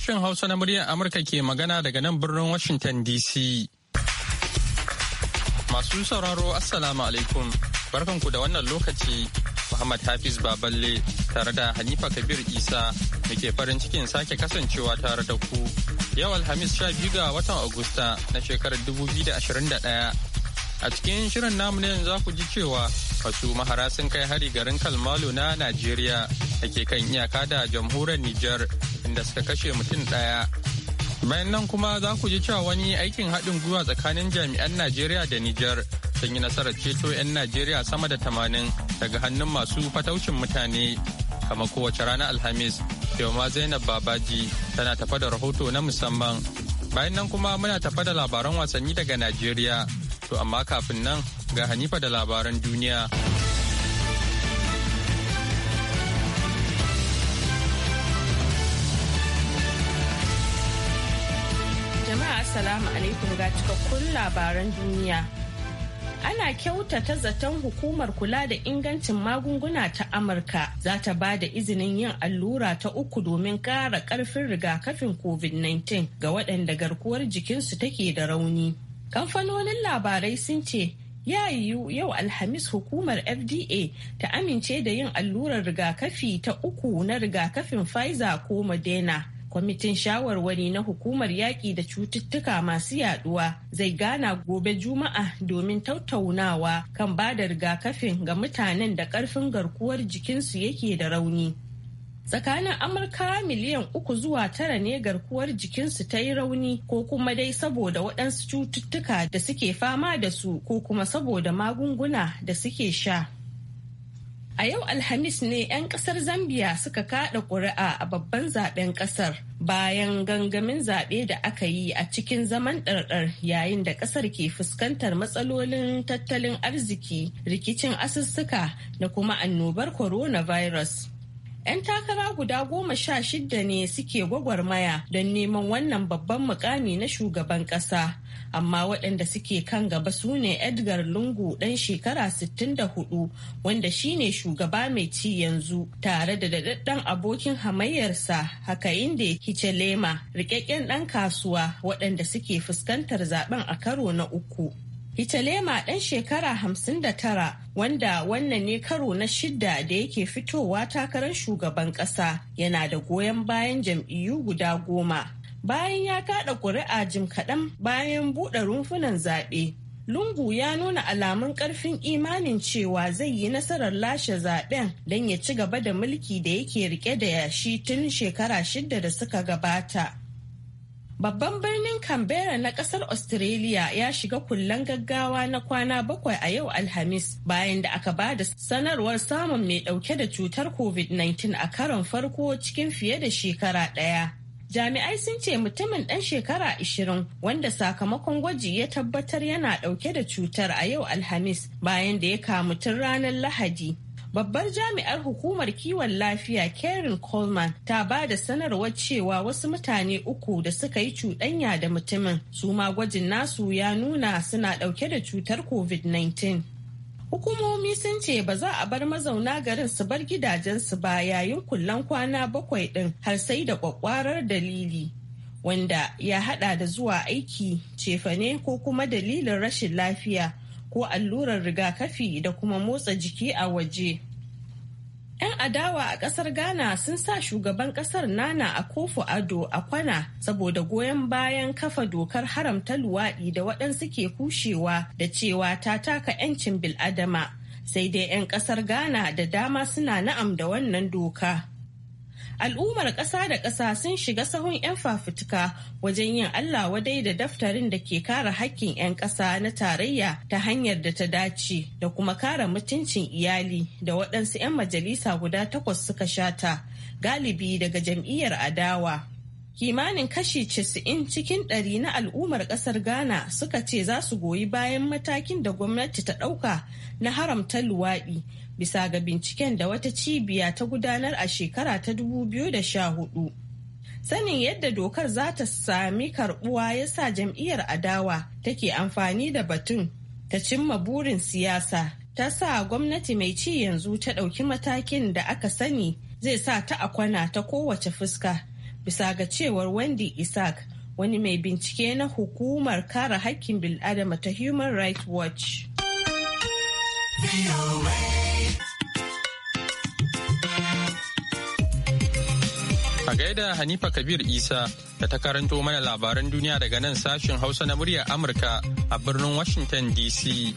Sashen Hausa na muryar Amurka ke magana daga nan birnin Washington DC. Masu sauraro Assalamu alaikum. Barkanku da wannan lokaci. Muhammad Hafiz Baballe tare da Hanifa Kabir Isa muke farin cikin sake kasancewa tare da ku. Yau Alhamis sha biyu ga watan Agusta na shekarar 2021 A cikin shirin namu ne za ku ji cewa kasu mahara sun kai hari garin Kalmalo na Najeriya da ke kan iyaka da jamhuriyar Nijar inda suka kashe mutum ɗaya. Bayan nan kuma za ku ji cewa wani aikin haɗin gwiwa tsakanin jami'an Najeriya da Nijar sun yi nasarar ceto 'yan Najeriya sama da tamanin daga hannun masu fataucin mutane. Kama kowace ranar Alhamis, yau ma Zainab Babaji tana tafa da rahoto na musamman. Bayan nan kuma muna tafa da labaran wasanni daga Najeriya. To amma kafin nan ga Hanifa da labaran duniya. Jama'a Assalamu alaikum ga cikakkun labaran duniya. Ana kyautata zaton hukumar kula da ingancin magunguna ta Amurka za ta ba da izinin yin allura ta uku domin kara ƙarfin rigakafin COVID-19 ga waɗanda garkuwar jikinsu take da rauni. Kamfanonin labarai sun ce ya yiwu yau Alhamis hukumar FDA ta amince da yin allurar rigakafi ta uku na rigakafin Pfizer ko Moderna. Kwamitin shawarwari na hukumar yaƙi da cututtuka masu yaduwa zai gana gobe Juma'a domin tattaunawa kan bada rigakafin ga mutanen da ƙarfin garkuwar jikinsu yake da rauni. tsakanin amurka miliyan uku zuwa tara ne garkuwar jikinsu ta yi rauni ko kuma dai saboda waɗansu cututtuka da suke fama da su ko kuma saboda magunguna da suke sha a yau alhamis ne 'yan kasar zambia suka kada ƙuri'a a babban zaben kasar bayan gangamin zaɓe da aka yi a cikin zaman ɗarɗar yayin da ƙasar ke fuskantar matsalolin tattalin arziki rikicin asussuka da kuma annobar coronavirus 'Yan takara guda goma sha shida ne suke gwagwarmaya don neman wannan babban mukami na shugaban ƙasa. Amma waɗanda suke kan gaba su ne Edgar Lungu ɗan shekara 64 wanda shi ne shugaba mai ci yanzu tare da daɗaɗɗen abokin hamayyarsa haka inda lema rikakken ɗan kasuwa waɗanda suke fuskantar zaben a karo na uku. Italema ɗan shekara hamsin da tara wanda wannan ne karo na shidda da yake fitowa takarar shugaban ƙasa yana da goyon bayan jam'iyyu guda goma. Bayan ya kaɗa ƙuri'a jim kaɗan bayan buɗe rumfunan zaɓe. Lungu ya nuna alamun ƙarfin imanin cewa zai yi nasarar lashe zaɓen don ya ci gaba da mulki da yake riƙe da yashi tun shekara shidda da suka gabata. Babban birnin Canberra na kasar Australia ya shiga kullan gaggawa na kwana bakwai a yau Alhamis bayan da aka ba da sanarwar samun mai dauke da cutar COVID-19 a karon farko cikin fiye da shekara ɗaya. Jami'ai sun ce mutumin ɗan shekara 20 wanda sakamakon gwaji ya tabbatar yana ɗauke da cutar a yau Alhamis bayan da ya kamu tun ranar Lahadi. Babbar jami'ar hukumar kiwon lafiya Carol Coleman ta ba da sanarwar cewa wasu mutane uku da suka yi cuɗanya da mutumin su ma gwajin nasu ya nuna suna ɗauke da cutar COVID-19. Hukumomi sun ce ba za a bar mazauna garin su bar gidajensu ba yayin kullan kwana bakwai ɗin har sai da kwakwarar dalili. Wanda ya hada da zuwa aiki, cefane ko kuma dalilin rashin lafiya ko allurar rigakafi da kuma motsa jiki a waje. 'Yan adawa a ƙasar Ghana sun sa shugaban ƙasar Nana a kofu ado a kwana saboda goyon bayan kafa dokar haramta luwaɗi da waɗansu ke kushewa da cewa ta taka 'yancin bil'adama. Sai dai 'yan ƙasar Ghana da dama suna na'am da wannan doka. al'ummar ƙasa da ƙasa sun shiga sahun 'yan fafutuka wajen yin Allah wadai da daftarin da ke kare hakkin 'yan ƙasa na tarayya ta hanyar da ta dace da kuma kare mutuncin iyali da waɗansu 'yan majalisa guda takwas suka shata galibi daga jam'iyyar adawa. Kimanin kashi 90 cikin ɗari na al'ummar ƙasar Ghana suka ce za su goyi bayan matakin da gwamnati ta ɗauka na haramta luwaɗi bisa ga binciken da wata cibiya ta gudanar a shekara ta 2014. Sanin yadda dokar za ta sami karbuwa ya sa jam'iyyar adawa take amfani da batun ta cimma burin siyasa ta sa gwamnati mai ci yanzu ta ɗauki matakin da aka sani zai sa ta akwana ta kowace fuska bisa ga cewar Wendy Isaac wani mai bincike na hukumar kare haƙƙin bil'adama ta Human Rights Watch. A gaida Hanifa Kabir Isa da ta karanto mana labaran duniya daga nan sashen Hausa na muryar Amurka a birnin Washington DC.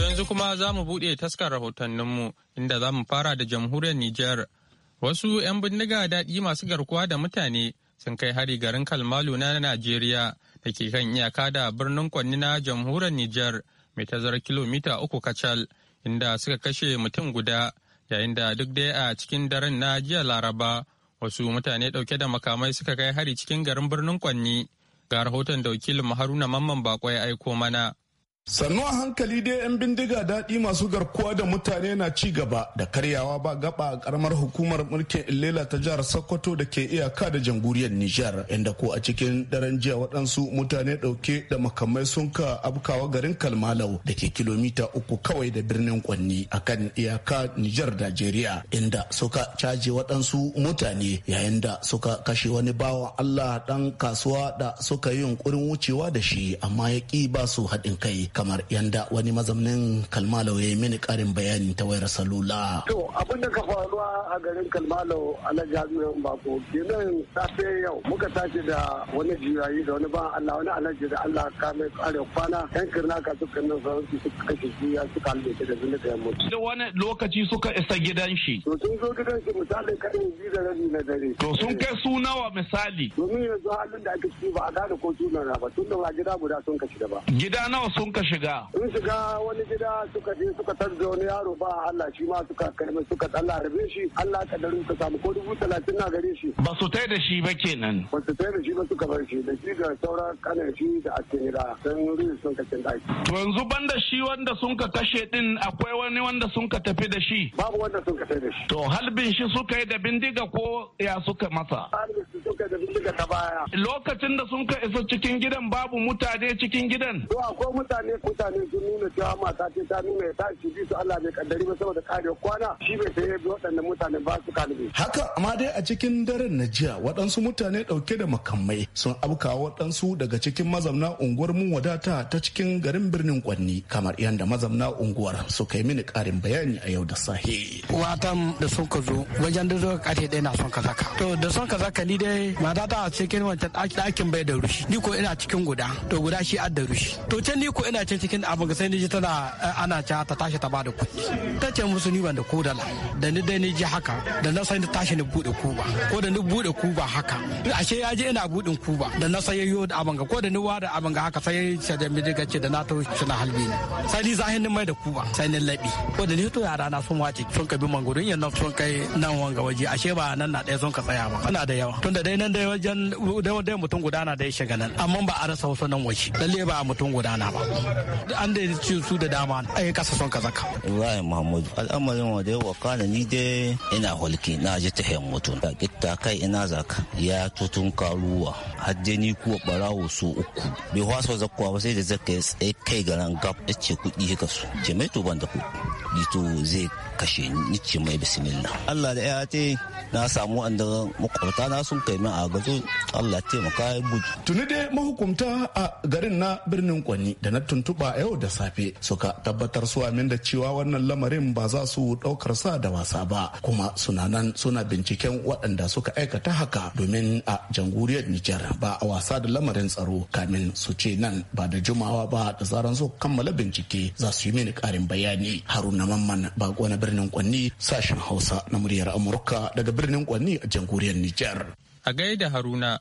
Yanzu kuma za mu buɗe taskar rahotanninmu inda za mu fara da jamhuriyar Nijar. Wasu 'yan bindiga daɗi masu garkuwa da mutane sun kai hari garin Kalmalu na Najeriya da ke kan iyaka da birnin Kwanni na jamhuriyar Nijar mai tazarar kilomita uku kacal inda suka kashe mutum guda. yayin da duk dai a cikin daren na jiya laraba wasu mutane dauke da makamai suka kai hari cikin garin birnin kwanni ga rahoton da wakilin haruna mamman bako ya aiko mana sannu a hankali dai 'yan bindiga daɗi masu garkuwa da mutane na ci gaba da karyawa ba gaba a karamar hukumar mulkin illela ta jihar sokoto da ke iyaka da jamhuriyar nijar inda ko a cikin daren jiya waɗansu mutane ɗauke da makamai sun ka abkawa garin kalmalau da ke kilomita uku kawai da birnin kwanni a kan iyaka nijar najeriya inda suka caje waɗansu mutane yayin da suka kashe wani bawan allah ɗan kasuwa da suka yi yunkurin wucewa da shi amma ya ƙi ba su haɗin kai kamar yanda wani mazaunin kalmalau ya yi mini karin bayani ta wayar salula. To abin da ka faruwa a garin kalmalau alhaji hamidu bako kenan safe yau muka tashi da wani jirayi da wani ban Allah wani alhaji da Allah ka mai kare kwana yan ka suka nan su suka kashe jiya suka halitta da zuni da yamma. Da wani lokaci suka isa gidan shi. To sun zo gidan shi misali kaɗan ji da rabi na dare. To sun kai su nawa misali. Domin yanzu halin da ake ciki ba a gane ko sunan ba tun da ba gida guda sun kashi da ba. Gida nawa sun kashi shiga? Sun shiga wani gida suka je suka tarzo wani yaro ba Allah shi ma suka karbi suka tsalla rabe shi Allah ya kadarin ka samu ko dubu talatin na gare shi. Ba su tai da shi ba kenan. Ba su tai da shi ba suka bar shi da shi da sauran kanan shi da ake gida sun rin sun kacin daki. To yanzu banda shi wanda sun ka kashe din akwai wani wanda sun ka tafi da shi. Babu wanda sun ka tafi da shi. To halbin shi suka yi da bindiga ko ya suka masa. Halbin shi suka yi da bindiga ta baya. Lokacin da sun ka isa cikin gidan babu mutane cikin gidan. To akwai mutane dai mutane sun nuna cewa mata ce ta nuna ya tashi bisu su Allah bai kaddari ba saboda kare kwana shi bai sai bi waɗannan mutane ba su kalibi. Haka amma dai a cikin daren na jiya waɗansu mutane ɗauke da makamai sun abuka waɗansu daga cikin mazamna unguwar mun wadata ta cikin garin birnin Kwanni kamar yadda mazamna unguwar suka yi mini ƙarin bayani a yau da sahi. Watan da sun ka zo wajen da zo ƙarfe ɗaya na son ka zaka. To da son ka zaka ni dai matata a cikin wancan ɗakin bai da rushi ni ko ina cikin guda to guda shi ad da rushi. To can ni ko ina ce cikin ga sai ni ji tana eh, ana ca ta tashi ta bada kuɗi ta ce musu ni ban da ko dala da ni dai ni ji haka da na sai ni tashi ni bude kuba ko da ni bude kuba haka ashe ya je ina budin kuba da na sai yo da abin ko da ni wada da ga haka sai ce da mi daga ce da na to suna halbi ne sai ni zahin ni mai da kuba sai ni labi ko da ni to yara na sun wace sun kabi mangoro yan yana sun kai nan wanga waje ashe ba nan na ɗaya sun ka tsaya ba ana da yawa Tun da dai nan dai wajen dai mutum gudana da ya shiga nan amma ba a rasa wasu nan waje lalle ba mutum gudana ba an da ci su da dama yi kasa son kazaka. Ibrahim Muhammadu al'amarin wa da waka kana ni dai ina hulki na ji ta hen mutu. ta kitta kai ina zaka ya tutun karuwa hadde ni kuwa barawo su uku bai hwaso zakkuwa ba sai da zaka ya tsaye kai garan gab ya ce kuɗi hika su ce to ban da kuɗi dito zai kashe ni ce mai bismillah Allah da ya te na samu wanda makwabta na sun kai min a gazo Allah taimaka ya buji. tuni dai mahukumta a garin na birnin Kwani da na tuntuba yau da safe suka tabbatar su amin da cewa wannan lamarin ba za su daukar sa da wasa ba kuma suna nan suna binciken waɗanda suka aikata haka domin a jamhuriyar Nijar ba a wasa da lamarin tsaro kamin su ce nan ba da jumawa ba da zaran su kammala bincike za su yi mini ƙarin bayani Haruna Mamman bako na birnin Kwanni sashen Hausa na muryar Amurka daga birnin Kwanni a jamhuriyar Nijar. A gaida Haruna,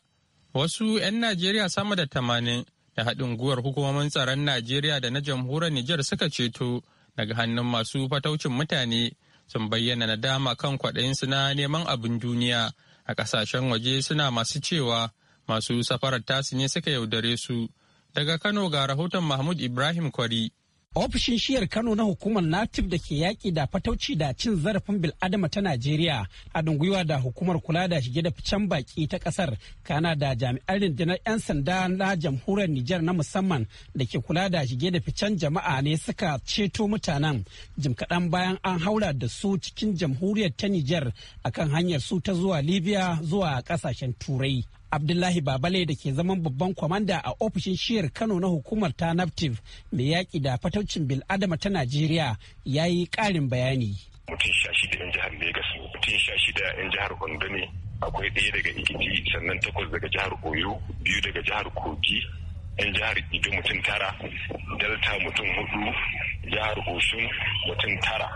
wasu 'yan Najeriya sama da tamanin da haɗin guwar hukumomin tsaron Najeriya da na jamhuriyar Nijar suka ceto daga hannun masu fataucin mutane sun bayyana nadama kan kwaɗayinsu na neman abin duniya a ƙasashen waje suna masu cewa masu safarar tasi ne suka yaudare su. Daga Kano ga rahoton Mahmud Ibrahim Kwari. Ofishin shiyar Kano na hukumar Natif da ke yaƙi da fatauci da cin zarafin bil'adama ta Najeriya haɗin gwiwa da hukumar kula da shige da ficen baƙi ta ƙasar kana da jami'an rundunar 'yan sanda na jamhuriyar Nijar na musamman da ke kula da shige da ficen jama'a ne suka ceto mutanen jim kaɗan bayan an haura da su cikin jamhuriyar ta Nijar akan hanyar su ta zuwa Libya zuwa ƙasashen Turai. abdullahi babale da ke zaman babban kwamanda a ofishin shiyar kano na hukumar ta naftiv mai yaƙi da fataucin bil'adama ta najeriya ya yi ƙarin bayani mutum sha shida yan jihar Legas mutum sha shida yan jihar Ondo ne akwai ɗaya daga Ikiti sannan takwas daga jihar Oyo biyu daga jihar Kogi yan jihar Ido mutum tara Delta mutum hudu jihar Osun mutum tara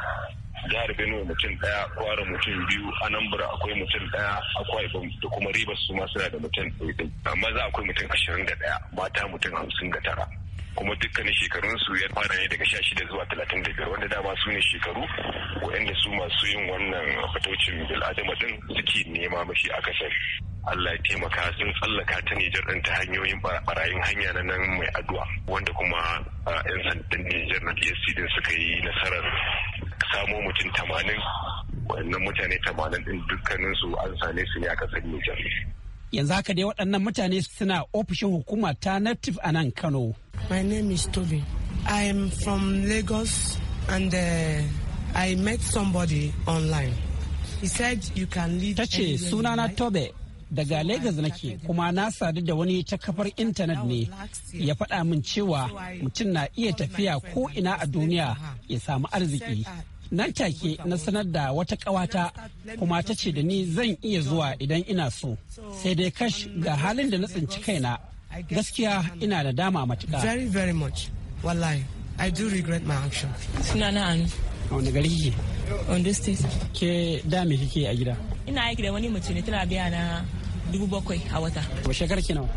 gari benue mutum daya kwara mutum biyu anambra akwai mutum daya akwai ibom da kuma ribas su masu suna da mutum ɗaya amma za akwai mutum ashirin da daya mata mutum hamsin da tara kuma dukkanin shekarun su ya fara ne daga sha shida zuwa talatin da biyar wanda dama su ne shekaru waɗanda su masu yin wannan fatocin bil'adama din suke nema mashi akasari Allah ya taimaka sun tsallaka ta Nijar ɗin ta hanyoyin barayin hanya na nan mai addu'a wanda kuma ah, 'yan sandan Nijar na DSC din suka yi nasarar samo mutum tamanin wannan mutane tamanin din dukkaninsu an sane su ne a kasar Niger. Yanzu haka dai waɗannan mutane suna ofishin hukuma ta Native a nan Kano. My name is Toby. I am from Lagos and uh, I met somebody online. He said you can lead. tace sunana Tobe daga Legas nake kuma na sadu da wani ta kafar intanet ne ya faɗa min cewa mutum na iya tafiya ko ina a duniya ya samu arziki. Nan take na sanar da wata ƙawata kuma ta ce da ni zan iya zuwa idan ina so. Sai dai kash ga halin da na tsinci kaina. Gaskiya ina da dama matuƙa. Very very regret my action. Ondo State. Ke da me kike a gida? Ina aiki da wani mutum ne tana biya na dubu bakwai a wata. Wa shekar ki nawa?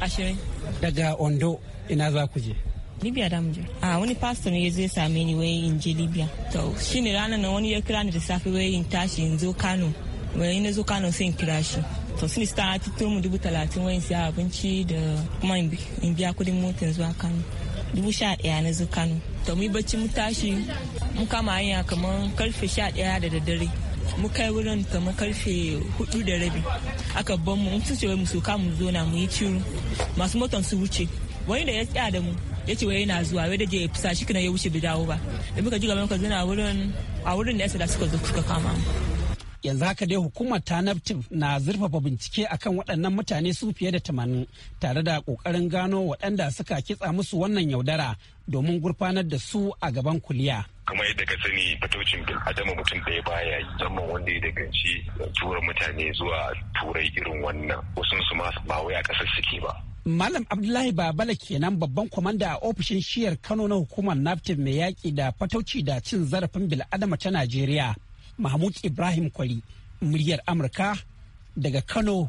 Ashirin. Daga Ondo ina za ku je? Libya da muje. A ah, wani pastor ne ya zo ya same ni wai in je Libya. To shine ranar nan wani ya kira ni da safe wai in tashi in zo Kano. Wai in zo Kano sai in kira shi. to sun ta tuturo mu dubu talatin wai in siya abinci da kuma in biya kudin motar zuwa kano dubu sha na zu to mu bacci mu tashi mu kama hanya kamar karfe sha da daddare mu kai wurin kamar karfe hudu da rabi aka ban mu mutu ce wai mu soka mu zo na mu yi ciro masu motan su wuce wani da ya tsaya da mu ya ce wai yana zuwa wai da je fisa shi kina ya wuce bi dawo ba da muka ji gaban ka zana wurin a wurin da ya da suka zo suka kama mu yanzu haka dai hukumar ta naftif na zurfafa bincike akan waɗannan mutane su fiye da tamanin tare da ƙoƙarin gano waɗanda suka kitsa musu wannan yaudara domin gurfanar da su a gaban kuliya. kuma yadda ka sani fatocin bil adama mutum ɗaya baya yi wanda ya daganci tura mutane zuwa turai irin wannan wasu su ma ba wai a ƙasar suke ba Malam Abdullahi Babala kenan babban kwamanda a ofishin shiyar Kano na hukumar NAFTIP mai yaƙi da fatauci da cin zarafin bil'adama ta Najeriya. mahmud ibrahim kwari muryar amurka daga kano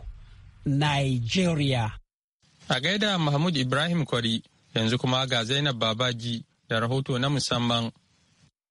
nigeria a gaida mahmud ibrahim kwari yanzu kuma ga zainab babaji da rahoto na musamman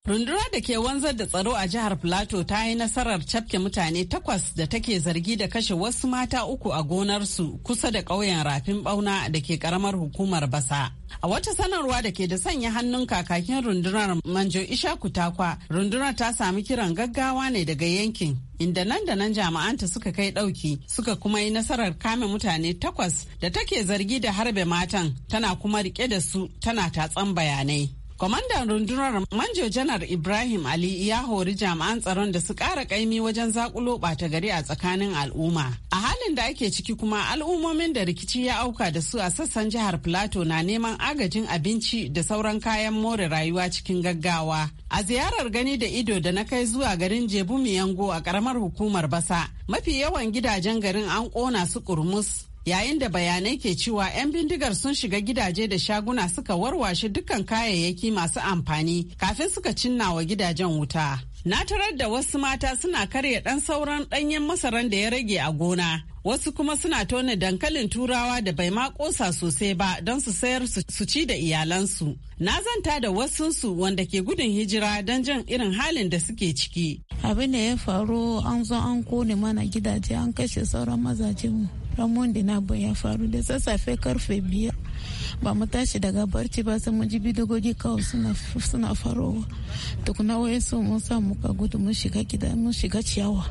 Rundunar da ke wanzar da tsaro a jihar Plateau ta yi nasarar cafke mutane takwas da take zargi da kashe wasu mata uku a gonarsu kusa da ƙauyen rafin bauna da ke karamar hukumar basa. A wata sanarwa da ke da sanya hannun kakakin rundunar Manjo Ishaku Takwa, rundunar ta sami kiran gaggawa ne daga yankin inda nan da nan jama'anta suka kai ɗauki suka kuma yi nasarar kame mutane takwas da take zargi da harbe matan tana kuma rike da su tana tatsan bayanai. Kwamandan rundunar Manjo Janar Ibrahim Ali ya hori jami'an tsaron da su ƙara ƙaimi wajen zakulo ɓata gari a tsakanin al'umma. A halin da ake ciki kuma al'ummomin da rikici ya auka da su a sassan jihar Plateau na neman agajin abinci da sauran kayan more rayuwa cikin gaggawa. A ziyarar gani da ido da na kai zuwa garin Jebu Miyango a ƙaramar hukumar Basa, mafi yawan gidajen garin an ƙona su ƙurmus. yayin da bayanai ke cewa 'yan bindigar sun shiga gidaje da shaguna suka warwashe dukkan kayayyaki masu amfani kafin suka cinna wa gidajen wuta. Na tarar da wasu mata suna karya ɗan sauran ɗanyen masaran da ya rage a gona. Wasu kuma suna tona dankalin turawa da bai ma kosa sosai ba don su sayar su ci da iyalansu. Na zanta da wasunsu wanda ke gudun hijira don jan irin halin da suke ciki. Abin da ya faru an zo an kone mana gidaje an kashe sauran mazajenmu. ramon da na ya faru da sassafe karfe biyar ba mu tashi daga barci ba sai mun ji bidigogi kawai suna farowa tukuna wayansu mun sa muka gudu mun shiga gida mun shiga ciyawa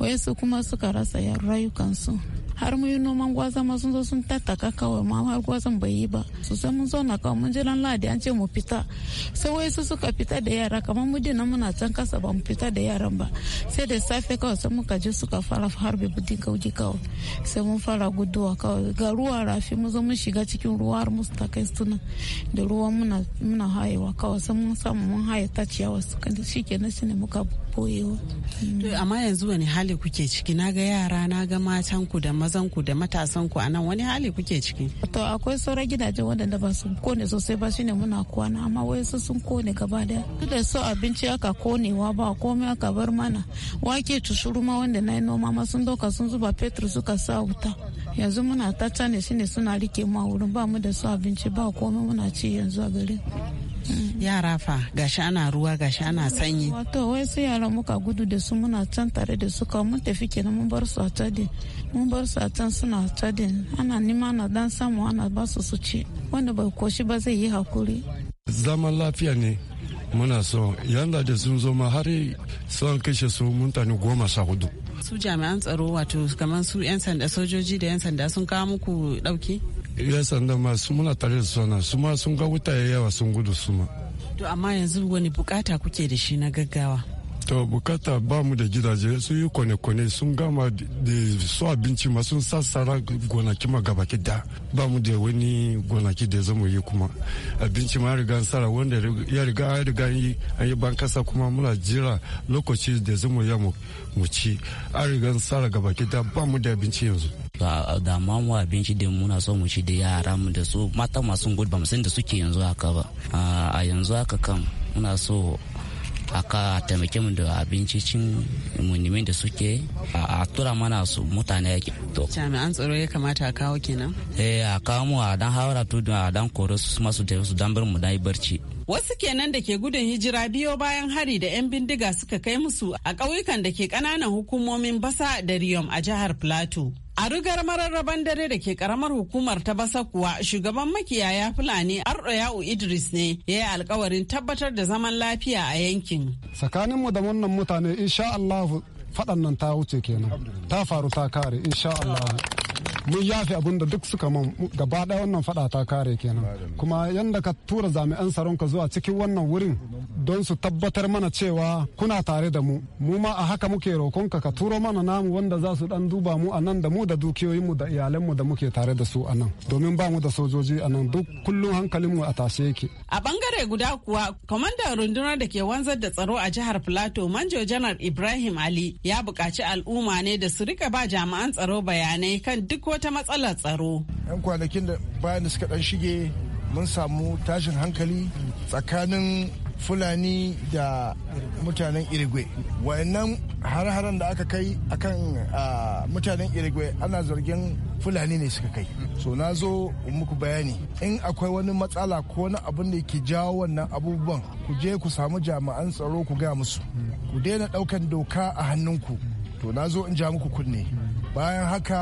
wayansu kuma suka rasa rayukansu har mu yi noman gwaza ma sun zo sun tattaka kawai ma har gwazan bai yi ba su sai mun zauna kawai mun jiran ladi an ce mu fita sai wai su suka fita da yara kamar mu dina muna can kasa ba mu fita da yaran ba sai da safe kawai sai muka je suka fara harbe budin kauji kawai sai mun fara guduwa kawai ga ruwa rafi mu zo mun shiga cikin ruwa har mu ta kai suna da ruwa muna muna hayewa kawai sai mun samu mun haye ta ciyawa su kan shikenan ne muka boyewa amma yanzu wani hali kuke ciki na ga yara na ga matan ku da maza mazanku da matasanku a nan wani hali kuke ciki? To akwai sauran gidaje waɗanda ba su kone sosai ba shine muna kwana amma wayansu sun kone gaba daya. Da su abinci aka konewa ba komai aka bar mana wake tushuru ma wanda na yi noma ma sun doka sun zuba fetur suka sa wuta. Yanzu muna tata ne shine suna rike ma wurin ba mu da su abinci ba komai muna ci yanzu a gari. Mm. yara fa gashi ana ruwa gashi ana sanyi wato wai sai yara muka gudu da su muna can tare da su kawo mun tafi kenan mun bar su a tadi mun bar su a can suna tadin ana nima na dan samu ana ba su su ci wanda bai koshi ba zai yi hakuri zaman lafiya ne muna so yanda da sun zo ma har sun kashe su mutane goma sha hudu su jami'an tsaro wato kamar su 'yan sanda sojoji da 'yan sanda sun kawo muku dauki 'yan sanda masu muna tare da suna su ma sun ga wuta yawa sun gudu su ma to amma yanzu wani bukata kuke da shi na gaggawa to bukata ba mu da gidaje sun yi kone-kone sun gama da su abinci ma sun sassara gonaki ma gabaki da ba mu da wani gonaki da zama yi kuma abinci ma riga sara wanda ya riga ya riga yi an yi ban kasa kuma muna jira lokaci da zama ya mu ci an riga sara gabaki da ba mu da abinci yanzu da mu abinci da muna so mu ci da yara mu da su mata masu gudu ba mu san da suke yanzu haka ba ah, a yanzu haka kan muna so aka taimake mu da abinci cin munimin da suke a tura mana su mutane ke. to jami'an tsaro ya kamata a kawo kenan eh a kawo mu a dan haura tudu a dan koro su masu su dan bar mu dan barci Wasu kenan da ke gudun hijira biyo bayan hari da 'yan bindiga suka kai musu a ƙauyukan da ke ƙananan hukumomin Basa da Riyom a jihar Plateau. A rugar mararraban dare da ke karamar hukumar ta basa kuwa shugaban makiyaya Fulani Arɗoya'u Idris ne ya yi alkawarin tabbatar da zaman lafiya a yankin. Tsakaninmu da wannan mutane insha Allah faɗan nan ta wuce kenan. Ta faru ta kare insha Allah. mun yafe abin da duk suka man gaba ɗaya wannan fada ta kare kenan kuma yadda ka tura jami'an tsaron ka zuwa cikin wannan wurin don su tabbatar mana cewa kuna tare da mu mu ma a haka muke rokonka ka turo mana namu wanda za su dan duba mu a nan da mu da mu da iyalanmu da muke tare da su a nan domin ba mu da sojoji a nan duk kullum mu a tashe yake a bangare guda kuwa kwamandan rundunar da ke wanzar da tsaro a jihar plateau manjo janar ibrahim ali ya bukaci al'umma ne da su rika ba jami'an tsaro bayanai kan duk wata matsala tsaro. 'Yan kwanakin da bayan da suka ɗan shige mun samu tashin hankali tsakanin Fulani da mutanen Irigwe. Wayannan har-haren da aka kai akan mutanen Irigwe ana zargin Fulani ne suka kai. So na zo muku bayani in akwai wani matsala ko wani abin da ke jawo wannan abubuwan ku je ku samu jami'an tsaro ku ga musu. Ku daina ɗaukan doka a hannunku. To na zo in ja muku kunne. Bayan haka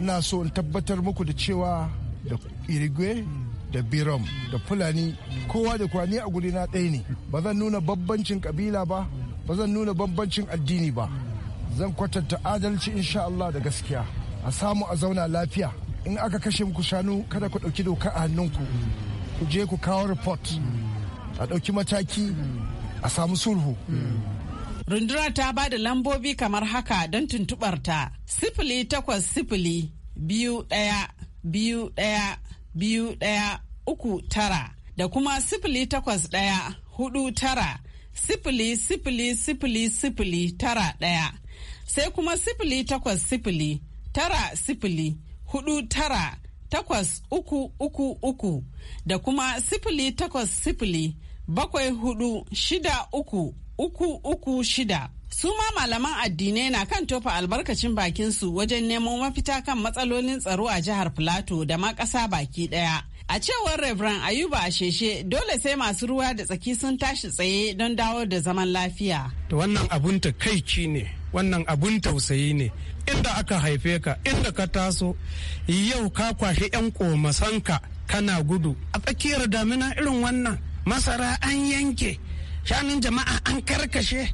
ina so in tabbatar muku da cewa da irigwe da biram da fulani kowa da kwani a guri na ɗaya ne ba zan nuna bambancin kabila ba ba zan nuna bambancin addini ba zan kwatanta adalci insha Allah da gaskiya a samu a zauna lafiya in aka kashe muku shanu kada ku ɗauki doka a hannunku ku je ku kawo report a ɗauki mataki a samu sulhu Rundunar ta ba da lambobi kamar haka don tuntuɓar ta. Sifili takwas sifili biyu ɗaya biyu ɗaya biyu ɗaya uku tara da kuma sifili takwas ɗaya hudu tara sifili sifili sifili sifili tara ɗaya sai kuma sifili takwas sifili tara sifili hudu tara takwas uku uku uku da kuma sifili takwas sifili bakwai hudu shida uku uku uku shida. Su ma malaman addinai na kan tofa albarkacin bakinsu wajen neman mafita kan matsalolin tsaro a jihar Filato da ma ƙasa baki ɗaya. A cewar Reverend Ayuba Asheshe dole sai masu ruwa da tsaki sun tashi tsaye don dawo da zaman lafiya. Da wannan abun ne, wannan abun tausayi ne. Inda aka haife ka, inda ka taso, yau ka kwashe 'yan komasanka kana gudu. A tsakiyar damina irin wannan, masara an yanke, shanun jama'a an karkashe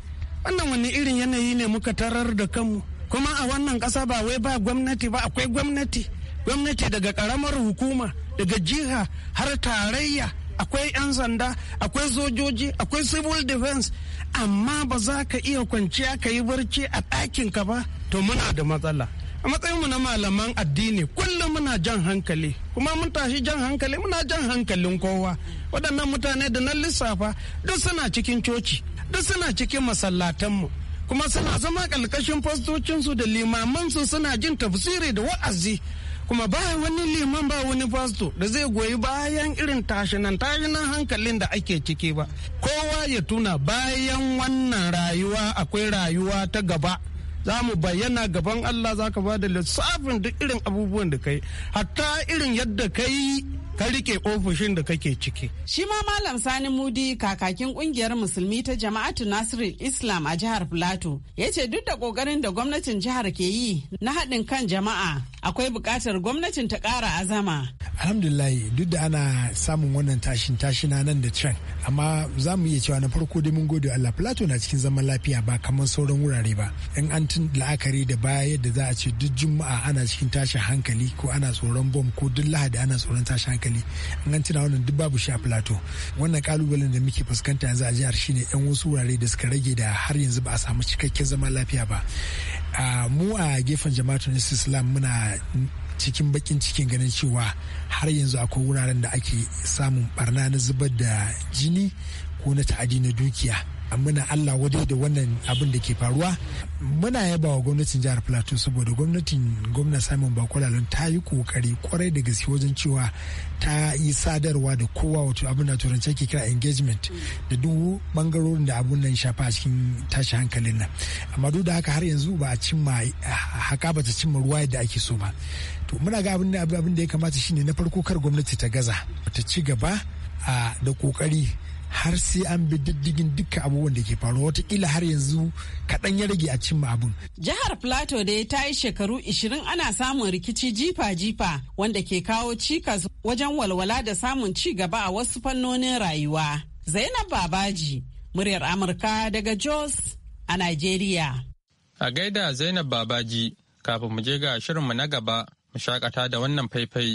wannan wani irin yanayi ne muka tarar da kanmu kuma a wannan ƙasa ba wai ba gwamnati ba akwai gwamnati gwamnati daga karamar hukuma daga jiha har tarayya akwai 'yan sanda akwai sojoji akwai civil defense amma ba za ka iya kwanciya ka yi barci a ɗakinka ba to muna da matsala a mu na malaman addini kullum muna jan hankali kuma mun tashi jan hankali muna jan hankalin kowa waɗannan mutane da na lissafa duk suna cikin coci duk suna cikin masallatanmu kuma suna zama ƙarƙashin fastocinsu da limamansu suna jin tafsiri da wa'azi kuma ba wani liman ba wani fasto da zai goyi bayan irin tashinan tashinan hankalin da ake ciki ba kowa ya tuna bayan wannan rayuwa akwai rayuwa ta gaba za mu bayyana gaban Allah za ka ba da lissafin duk irin abubuwan da kai hatta irin yadda kai ka rike ofishin da kake ciki. Shi ma Malam Sani Mudi kakakin kungiyar musulmi ta jama'atu Nasiru Islam a jihar Filato ya ce duk da kokarin da gwamnatin jihar ke yi na haɗin kan jama'a akwai buƙatar gwamnatin ta ƙara azama. Alhamdulillah duk da ana samun wannan tashin tashina nan da can amma za mu iya cewa na farko dai mun gode Allah Filato na cikin zaman lafiya ba kamar sauran wurare ba in an tun la'akari da baya yadda za a ce duk juma'a ana cikin tashin hankali ko ana tsoron bom ko duk lahadi ana tsoron tashin hankali. hankali an tuna wannan duk babu shi a plateau wannan kalubalen da muke fuskanta yanzu a jihar shine yan wasu wurare da suka rage da har yanzu ba a samu cikakken zaman lafiya ba mu a gefen na islam muna cikin bakin cikin ganin cewa har yanzu akwai wuraren da ake samun barna na zubar da jini ko na ta'adi na dukiya muna allah wadai da wannan abin da ke faruwa muna yaba wa gwamnatin jihar plateau saboda gwamnatin gwamna simon bakwalalon ta yi kokari kwarai da gaske wajen cewa ta yi sadarwa da kowa wato abin da turanci ke kira engagement da duk bangarorin da abun nan shafa a cikin tashi hankalin nan amma duk da haka har yanzu ba a cimma haka ba ta cimma ruwa yadda ake so ba to muna ga abin da ya kamata shine na farko kar gwamnati ta gaza ta ci gaba da kokari har sai an bi diddigin dukkan abubuwan da ke faruwa watakila har yanzu kaɗan ya rage a cimma abin. Jihar Plateau da ta yi shekaru 20 ana samun rikici jifa-jifa wanda ke kawo cikas wajen walwala da samun ci gaba a wasu fannonin rayuwa. Zainab Babaji, muryar Amurka daga Jos a nigeria. A gaida Zainab Babaji, kafin mu je ga shirinmu na gaba, mu shakata da wannan faifai.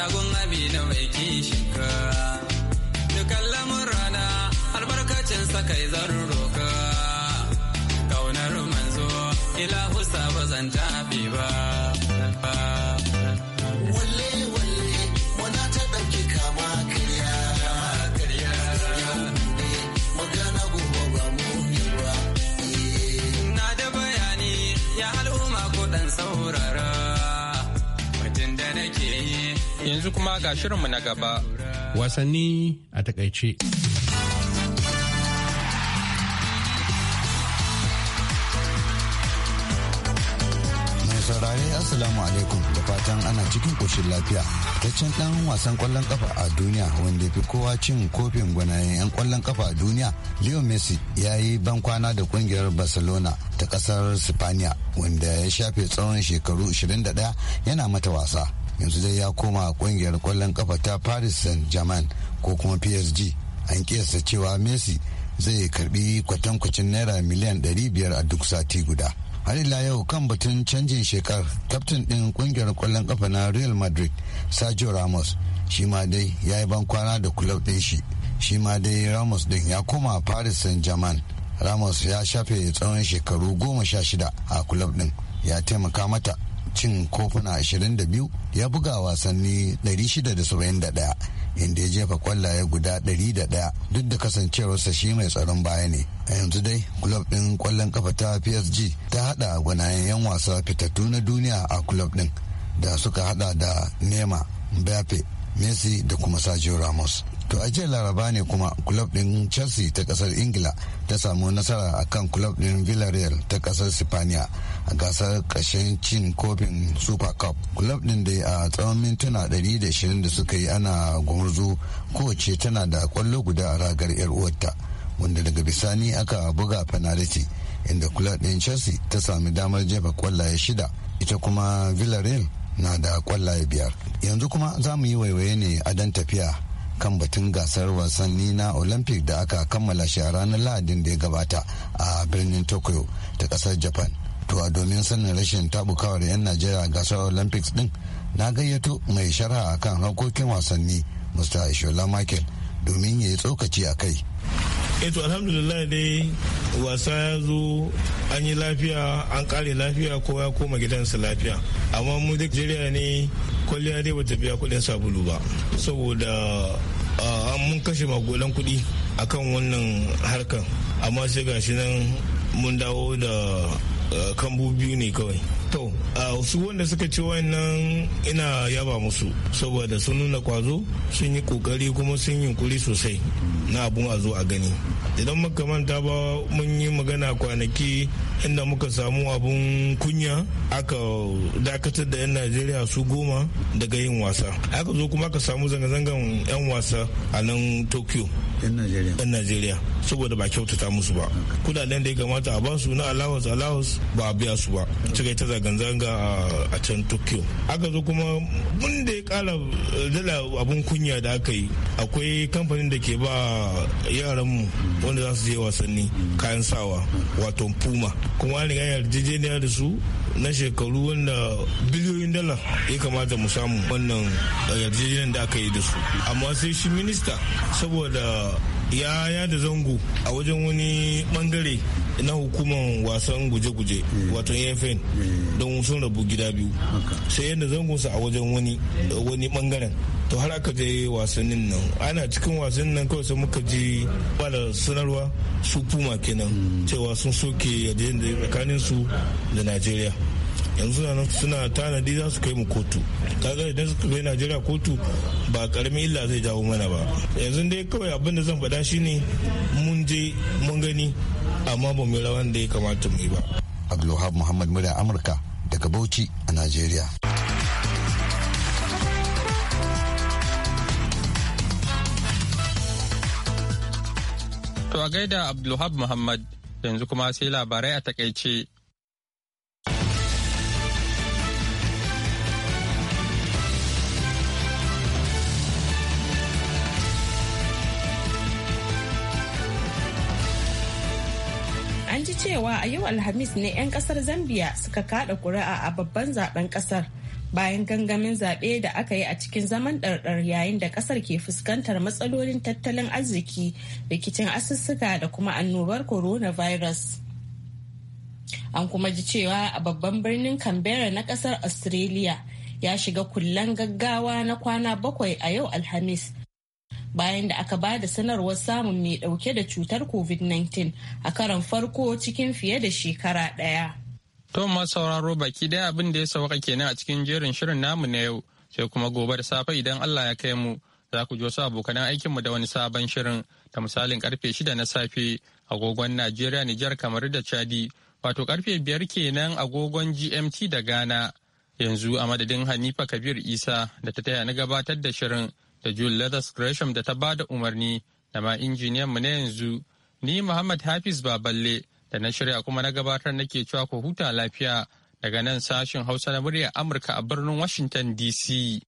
tagun amina mai kishin ka dukan lamurana albarkacin sa kai zan roka kaunar manzo ila husa ba zan tafi ba da bayani ya al'umma kuɗin saurara Yanzu kuma ga shirinmu na gaba. Wasanni a takaice. saurare assalamu alaikum da fatan ana cikin ƙoshin lafiya taccen ɗan wasan ƙwallon ƙafa a duniya wanda ya fi kowa cin kofin gwanayen 'yan kwallon ƙafa a duniya leo messi ya yi ban kwana da ƙungiyar barcelona ta ƙasar spaniya wanda ya shafe tsawon shekaru 21 yana mata wasa yanzu dai ya koma kungiyar kwallon kafa ta paris saint germain ko kuma psg an kiyasta cewa messi zai karbi kwatankwacin naira miliyan 500 a duk sati guda har ila yau kan batun canjin shekar kaftin din kungiyar kwallon kafa na real madrid sergio ramos shi ma dai ya yi ban kwana da kulob din shi shi ma dai ramos din ya koma paris saint germain ramos ya shafe tsawon shekaru goma sha shida a kulob din ya taimaka mata cin kofuna 22 ya buga wasanni 671 inda ya jefa kwallaye guda 101 duk da kasancewarsa shi mai tsaron baya ne a yanzu dai kulob ɗin kwallon kafa ta psg ta hada gwanayen 'yan wasa fitattu na duniya a kulob ɗin da suka hada da nema mbappe messi da kuma sergio ramos to a jiya laraba ne kuma kulob din chelsea ta kasar ingila ta samu nasara a kan kulob din villarreal ta kasar spaniya a gasar ƙarshen cin kofin super cup kulob din da a tsawon mintuna 120 da suka yi ana gumurzu kowace tana da kwallo guda a ragar yar uwarta wanda daga bisani aka buga penalty inda kulob din chelsea ta sami damar jefa kwallaye shida ita kuma villarreal na da kwallaye biyar yanzu kuma za mu yi waiwaye ne a dan tafiya kan batun gasar wasanni na olympic da aka kammala shi a ranar lahadin da ya gabata a birnin tokyo ta kasar japan to a domin sanin rashin tabukawar 'yan najeriya gasar olympics din na gayyato mai sharha akan harkokin wasanni mr ishola michael domin ya yi tsokaci a kai eto eh, alhamdulillah dai wasa ya zo an yi lafiya an kare lafiya ko ya koma gidansa lafiya amma mu duk jiriya ne kwalliya dai bata biya kudin sabulu ba saboda ah, mun kashe magolan kudi akan wannan harkan amma sai gashi nan mun dawo da ah, kambu biyu ne kawai to su wanda suka ci wayannan ina yaba musu saboda sun nuna kwazo sun yi kokari kuma sun yi kuri sosai na abun a zo a gani idan muka manta ba mun yi magana kwanaki inda muka samu abun kunya aka dakatar da 'yan najeriya su goma daga yin wasa aka zo kuma aka samu zanga-zangan 'yan wasa a nan tokyo 'yan najeriya saboda ba kyautata musu ba kudaden da ya kamata a ba su na allowance allowance ba a biya su ba suka ta zanga-zanga a can tokyo aka zo kuma mun da ya kala eh, dala abun kunya da aka yi akwai kamfanin da ke ba yaranmu mm. wanda za su je wasanni mm. kayan sawa wato puma kuma an riga yarjejeniya da su na shekaru wanda biliyoyin dala ya kamata mu samu wannan yarjejeniyar da aka yi da su amma sai shi minista saboda ya ya da zango a wajen wani bangare na hukumar wasan guje-guje wato afn don sun rabu gida biyu sai yadda zangonsa a wajen wani wani bangaren to har aka je wasannin nan ana cikin wasannin nan kawai sai muka ji bada sanarwa su puma kenan hmm. cewa sun soke yadda tsakanin su da najeriya yanzu nan suna tanadi za su kai mu kotu kaga idan suka kai najeriya kotu ba karamin illa zai jawo mana ba yanzu dai kawai abin da zan faɗa shine mun je mun gani amma ba mu rawan da ya kamata mu yi ba abdulwahab muhammad murya amurka daga bauchi a najeriya To a gaida Abdulhab Muhammad yanzu kuma sai labarai a takaice. an ji cewa a yau alhamis ne 'yan kasar zambia suka kada kuri'a a babban zaben kasar bayan gangamin zaɓe da aka yi a cikin zaman ɗarɗar yayin da ƙasar ke fuskantar matsalolin tattalin arziki rikicin asussuka da kuma annobar coronavirus. An kuma ji cewa a babban birnin Canberra na ƙasar Australia ya shiga kullen gaggawa na kwana bakwai a yau Alhamis bayan da aka ba da sanarwar samun mai dauke da cutar covid-19 a karan farko cikin fiye da shekara daya. To ma sauraro baki daya abin da ya sauka kenan a cikin jerin shirin namu na yau sai kuma gobe da safe idan Allah ya kai mu za ku ji wasu abokan aikinmu da wani sabon shirin da misalin karfe shida na safe agogon Najeriya Nijar kamar da Chadi wato karfe biyar kenan agogon GMT da Ghana yanzu a madadin Hanifa Kabir Isa da ta taya na gabatar da shirin da Jule Leathers Gresham da ta ba da umarni da ma injiniyanmu na yanzu ni Muhammad Hafiz Baballe da na shirya kuma na gabatar nake cewa ku huta lafiya daga nan sashin Hausa na murya Amurka a birnin Washington DC.